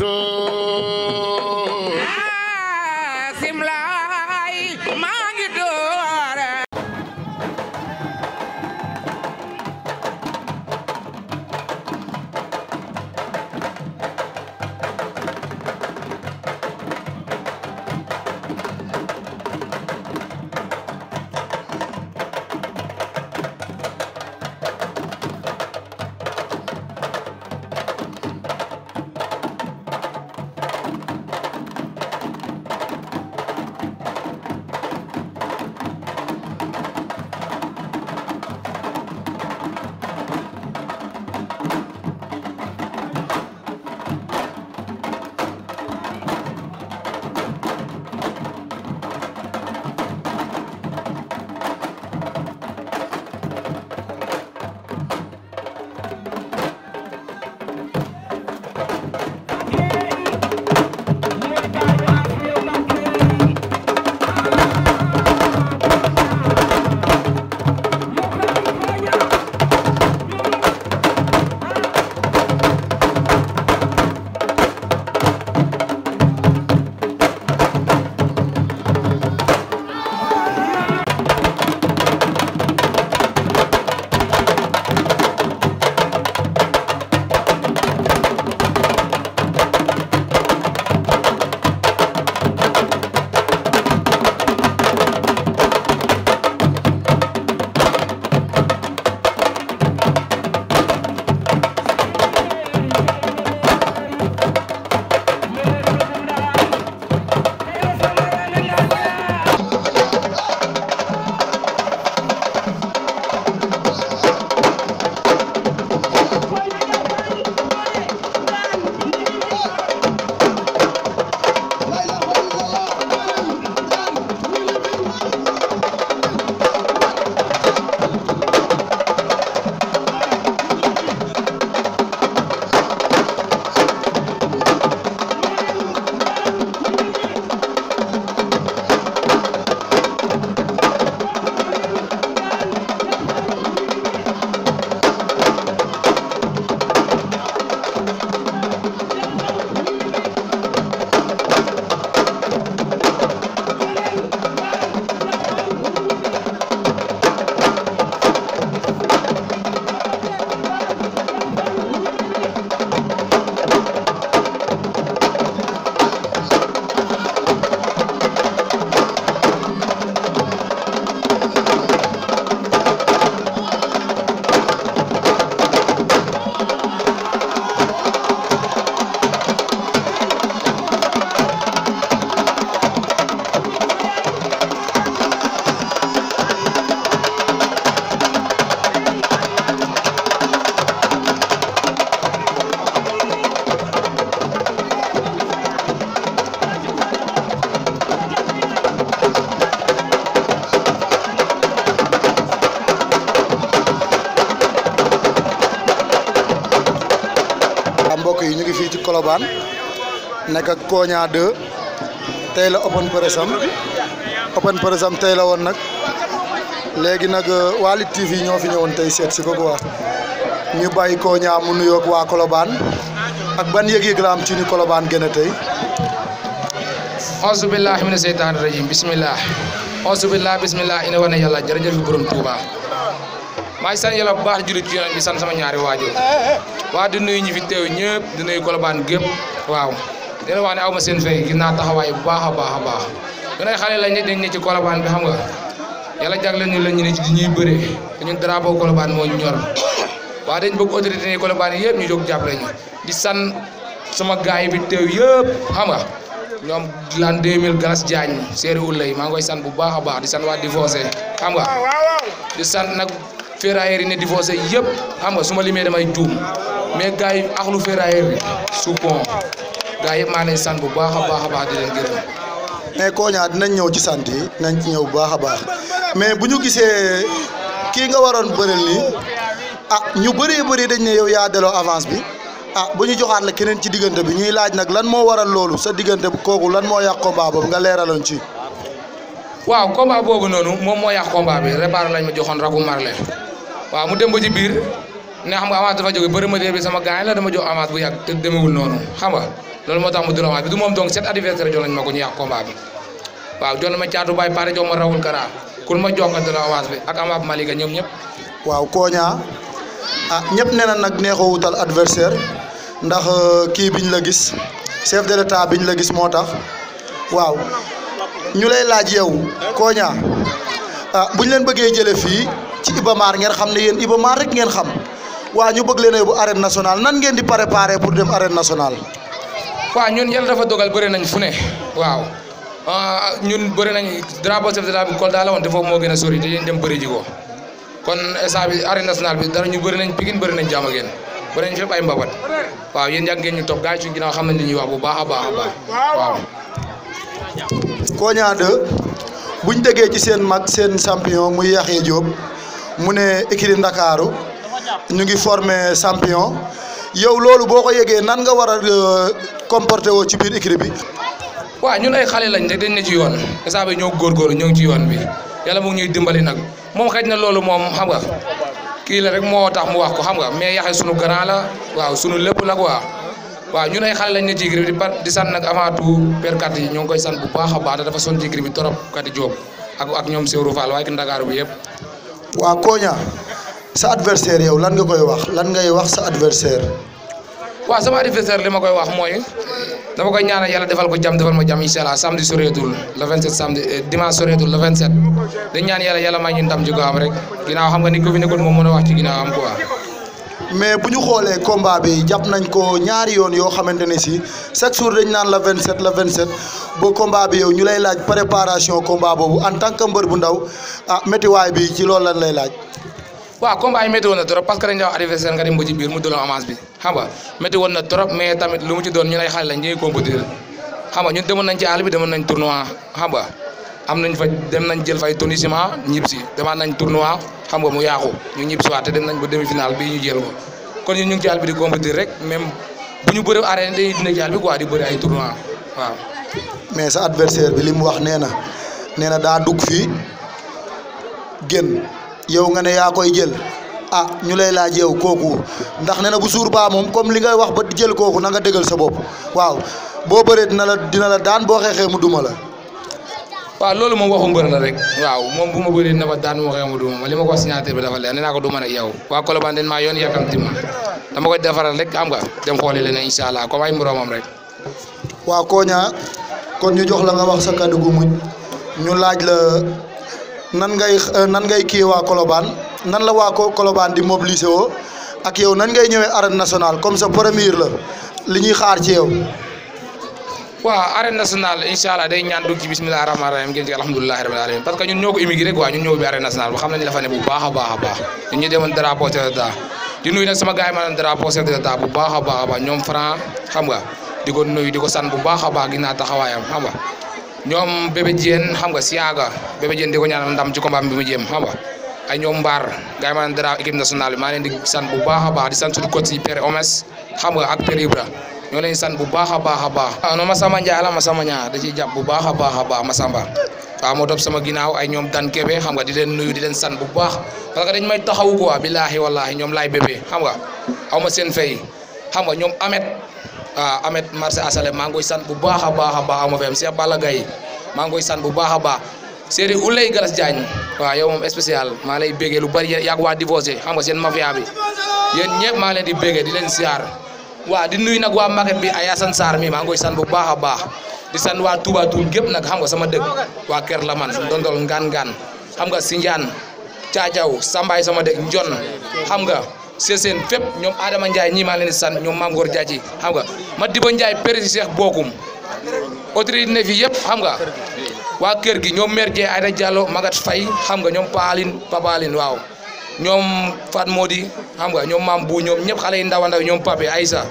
Santo Colobane nekk ak Koña 2 tey la open press am open press am tey la woon nag léegi nag euh, waa Lutte TV ñoo fi ñëwoon tey seet si ko quoi ñu bàyyi Koña mu nuyoog waa Colobane ak ban yëg-yëg la am ci ni Colobane gën a tey. auzu billahi mina seytaani rajim bismillah auzu billahi bismillah ina wane yàlla jërëjëf borom Touba maa ngi sant yàlla baax di jullit ci yonent bi sant sama ñaari waajur waa di nuyu ñi fi teew ñëpp di nuyu Colobane gépp waaw di wax ne aw ma seen fay gis naa taxawaay bu baax a baax a baax ñu ne xale lañ dañ ne ci Colobane bi xam nga yàlla jagle la ñu ne ci ñuy bëree te ñun drapeau Colobane moo ñu ñor waa dañ bëgg autorité yi Colobane yëpp ñu jóg jàppale ñu di san sama gaay bi teew yëpp xam nga ñoom lan 2000 Galas Diagne Serigne Oulay maa ngi koy san bu baax a baax di san waa Divorcé xam nga di san nag. ferrailleurs yi ne divorcé yëpp xam nga suma ma limee damay juum mais gaa yi axlu ferrailleurs bi soupon gars yëpp maa leen sant bu baax a baax a baax di leen gërëm. mais Konia dinañ ñëw ci sant yi dinañ ci ñëw bu baax a baax mais bu ñu gisee kii nga waroon bëril ni ah ñu bëree bëri dañ ne yow yaa delloo avance bi ah bu ñu joxaat la keneen ci diggante bi ñuy laaj nag lan moo waral loolu sa diggante kooku lan moo yàq combat boobu nga leeraloon ci. waaw combat boobu noonu moom moo yàq combat bi réparé ma joxoon raku marle waaw mu dem ba ci biir ne xam nga avance dafa jóge bëri ma bi sama gars la dama jox avance bu yàgg te demewul noonu xam nga loolu moo tax mu dul avance bi du moom donc sept adversaire jox nañ ma ko waaw jox na ma caatu baay pare jox ma rawul kara kun ma jox ko dala avance bi ak amaab Malika ñoom ñëpp. waaw Konia ah ñëpp nee na nag neexoo wutal adversaire ndax euh, kii biñ la gis chef de l'état biñ la gis moo tax waaw ñu lay laaj yow Konia ah buñ leen bëggee jëlee fii. ci Iba Mar ngeen xam ne yéen Iba Mar rek ngeen xam waa ñu bëgg leen a yóbbu arène nan ngeen di préparer pour dem arène nationale. waaw ñun yàlla dafa dogal bëri nañ fu ne waaw ah, ñun bëri nañ drapeau chef la woon te foofu moo gën a sori dañuy dem bëri ji ko kon instant bi arène bi dara ñu bëri nañ Pikine bëri nañ Diamaguène bëri nañ fépp ay mbabat ngeen ñu topp gars yi xam nañ li ñuy wax bu baax a baax a baax waaw. Konia 2 buñ ci seen mag seen champion muy Yaxya Diop mu ne écurie Ndakaaru ñu ngi forme champion yow loolu boo ko yëgee nan nga war a euh, comporter woo ci biir écurie bi. waaw ñun ay xale lañ rek dañ ne ci yoon saa bi ñoo góorgóorlu ñoo ngi ci yoon bi yàlla mu ñuy dimbali nag moom xëy na loolu moom xam nga kii la rek moo tax mu wax ko xam nga mais yaxe sunu grand la waaw sunu lépp la quoi. waaw ñun ay xale lañ ne ci écurie bi di par sant nag avant tout perkat yi ñoo ngi koy sant bu baax a baax dafa son ci écurie bi trop kati Diop ak ñoom Seydou Fall waaye ki Ndakaaru bi yëpp. waa Koña sa adversaire yow lan nga koy wax lan ngay wax sa adversaire waa sama adversaire li ma koy wax mooy dama koy ñaanal yàlla defal ko jàmm defal ma jàmm incha allah samedi soreetul le 27 samedi eh, dimanche soreetul le 27 dañ ñaan yàlla yalla may ñu ndam ji am rek ginnaaw xam nga ni ko fi nekkoon moom mën a wax ci ginnaaw am quoi. mais bu ñu xoolee combat bi jàpp nañ ko ñaari yoon yoo xamante ne si chaque jour dañ naan la vingt 27 la 27 ba combat bi yow ñu lay laaj préparation combat boobu en tant que mbër bu ndaw ah métiwaay bi ci loolu lañ lay laaj. waa combat yi métti woon na trop parce que dañ daaw adversaire nga dem ba biir mu doon avance bi xam nga métti na trop mais tamit lu mu ci doon ñu lay xale lañ ñuy compétir xam nga ñun demoon nañ ci àll bi demoon nañ tournoi xam nga am nañ fa dem nañ jël fay tournoi ñib si demaat nañ tournoi. xam nga mu yaaxu ñu ñib si te dem nañ ba demi final bii ñu jël ko kon ñun ñu ngi ci bi di compétir rek même bu ñu bëri arène dañuy dina ci àll bi quoi di bëri ay tournoi waaw. mais sa adversaire bi li mu wax nee na nee na daa dugg fii génn yow nga ne yaa koy jël. ah ñu lay laaj yow kooku ndax nee na bu suur baa moom comme li ngay wax ba jël kooku na nga dëggal sa bopp waaw boo bëree dina la dina la daan boo xeexee mu duma la waaw loolu moom waxu mbër la rek waaw moom bu ma bëree na ba daan ma duma ma li ma ko signature bi dafa leer nee naa ko du man yow waa Colobane den maa yoon yàkkamti ma dama koy defaral rek am nga dem xooli leen incha allah comme ay moroomam rek. waaw Konia kon ñu jox la nga wax sa kàddu gu muñ ñu laaj la nan ngay nan ngay kii waa Colobane nan la waa ko Colobane di mobiliser woo ak yow nan ngay ñëwee arène nationale comme sa premier la li ñuy xaar ci yow. waaw arène nationale incha allah day ñaan dugg ci bisimilah rahmaani rahiim génn ci alhamdulilahi parce que ñun ñoo ko immigré quoi ñun ñoo bi arène nationale bu baax a baax a baax ñun ñu demoon drapeau chef de l'état di nuyu nag sama gars yi a baax a baax ñoom franc xam nga di ko nuyu di ko san bu baax a baax gis naa taxawaayam xam nga ñoom bébé Diène xam nga Siaga bébé Diène di ko ñaanal ndam ci combat bi mu jéem xam nga ay ñoom Mbar gars yi maanaam drapeau équipe nationale maa leen di san bu baax a baax di san suñu coach yi Père Omes xam nga ñoo leen sant bu baax a baax baax waaw non Massamba Ndiaye la Massamba Ndiaye da ciy jàpp bu baax a baax a baax Massamba waaw moo topp sama ginnaaw ay ñoom dan xam nga di leen nuyu di leen sant bu baax dañ may taxawu quoi billaahi wallaahi ñoom laay bébé xam nga xaw ma seen fay xam nga ñoom Amet waaw Amet marché asale maa ngi koy bu baax a baax a baax aw ma fayam Cheikh Balla Gaye maa ngi koy sant bu baax a baax Séeri Ulay Galas Diagne waaw yow moom spécial maa lay béggee lu bari yàgg waa divorcé xam nga seen mafia bi yéen ñëpp maa leen di béggee di leen siyaar waaw di nuyu nag waa Magem bi ay Assane Sarr mi maa ngoy san bu baax a baax di san waa tubaa Toul gépp nag xam nga sama dëkk waa Kër Laman dondol ngaan ngaan xam nga Sinjaan Caajaw Sambaay sama dëkk Njon xam nga Seseen fépp ñoom Adama Ndiaye ñii maa leen di san ñoom Maam Góor Jaaji xam nga Madiba Ndiaye péri Cheikh Bokum autorité ne fi yëpp xam nga waa kër gi ñoom maire Dieng Aïda Diallo Magat Faye xam nga ñoom Paaline Papaaline waaw ñoom moo di xam nga ñoom maam bu ñoom ñëpp xale yi ndaw ndaw ñoom Pape Aïssa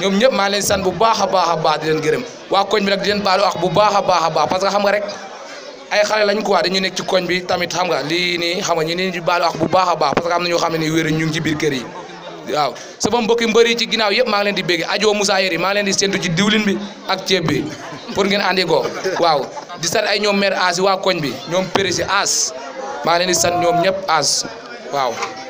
ñoom ñëpp maa leen sant bu baax a baax a baax di leen gërëm waa koñ bi nag di leen baalu ak bu baax a baax a baax que xam nga rek ay xale lañ quoi dañu nekk ci koñ bi tamit xam nga lii nii xam nga ñu leen di ak bu baax a baax parce que am ñoo xam ne nii wéeru ñu ngi ci biir kër yi waaw sama mbokki mbëri ci ginaaw yëpp maa ngi di bégg ajoo Moussa Yeri maa ngi leen di séntu ci diwlin bi ak ceeb bi pour ngeen andi ko waaw di sant a ñoom mère waa koñ bi ñoom péri si maa ngi leen di ñëpp As waaw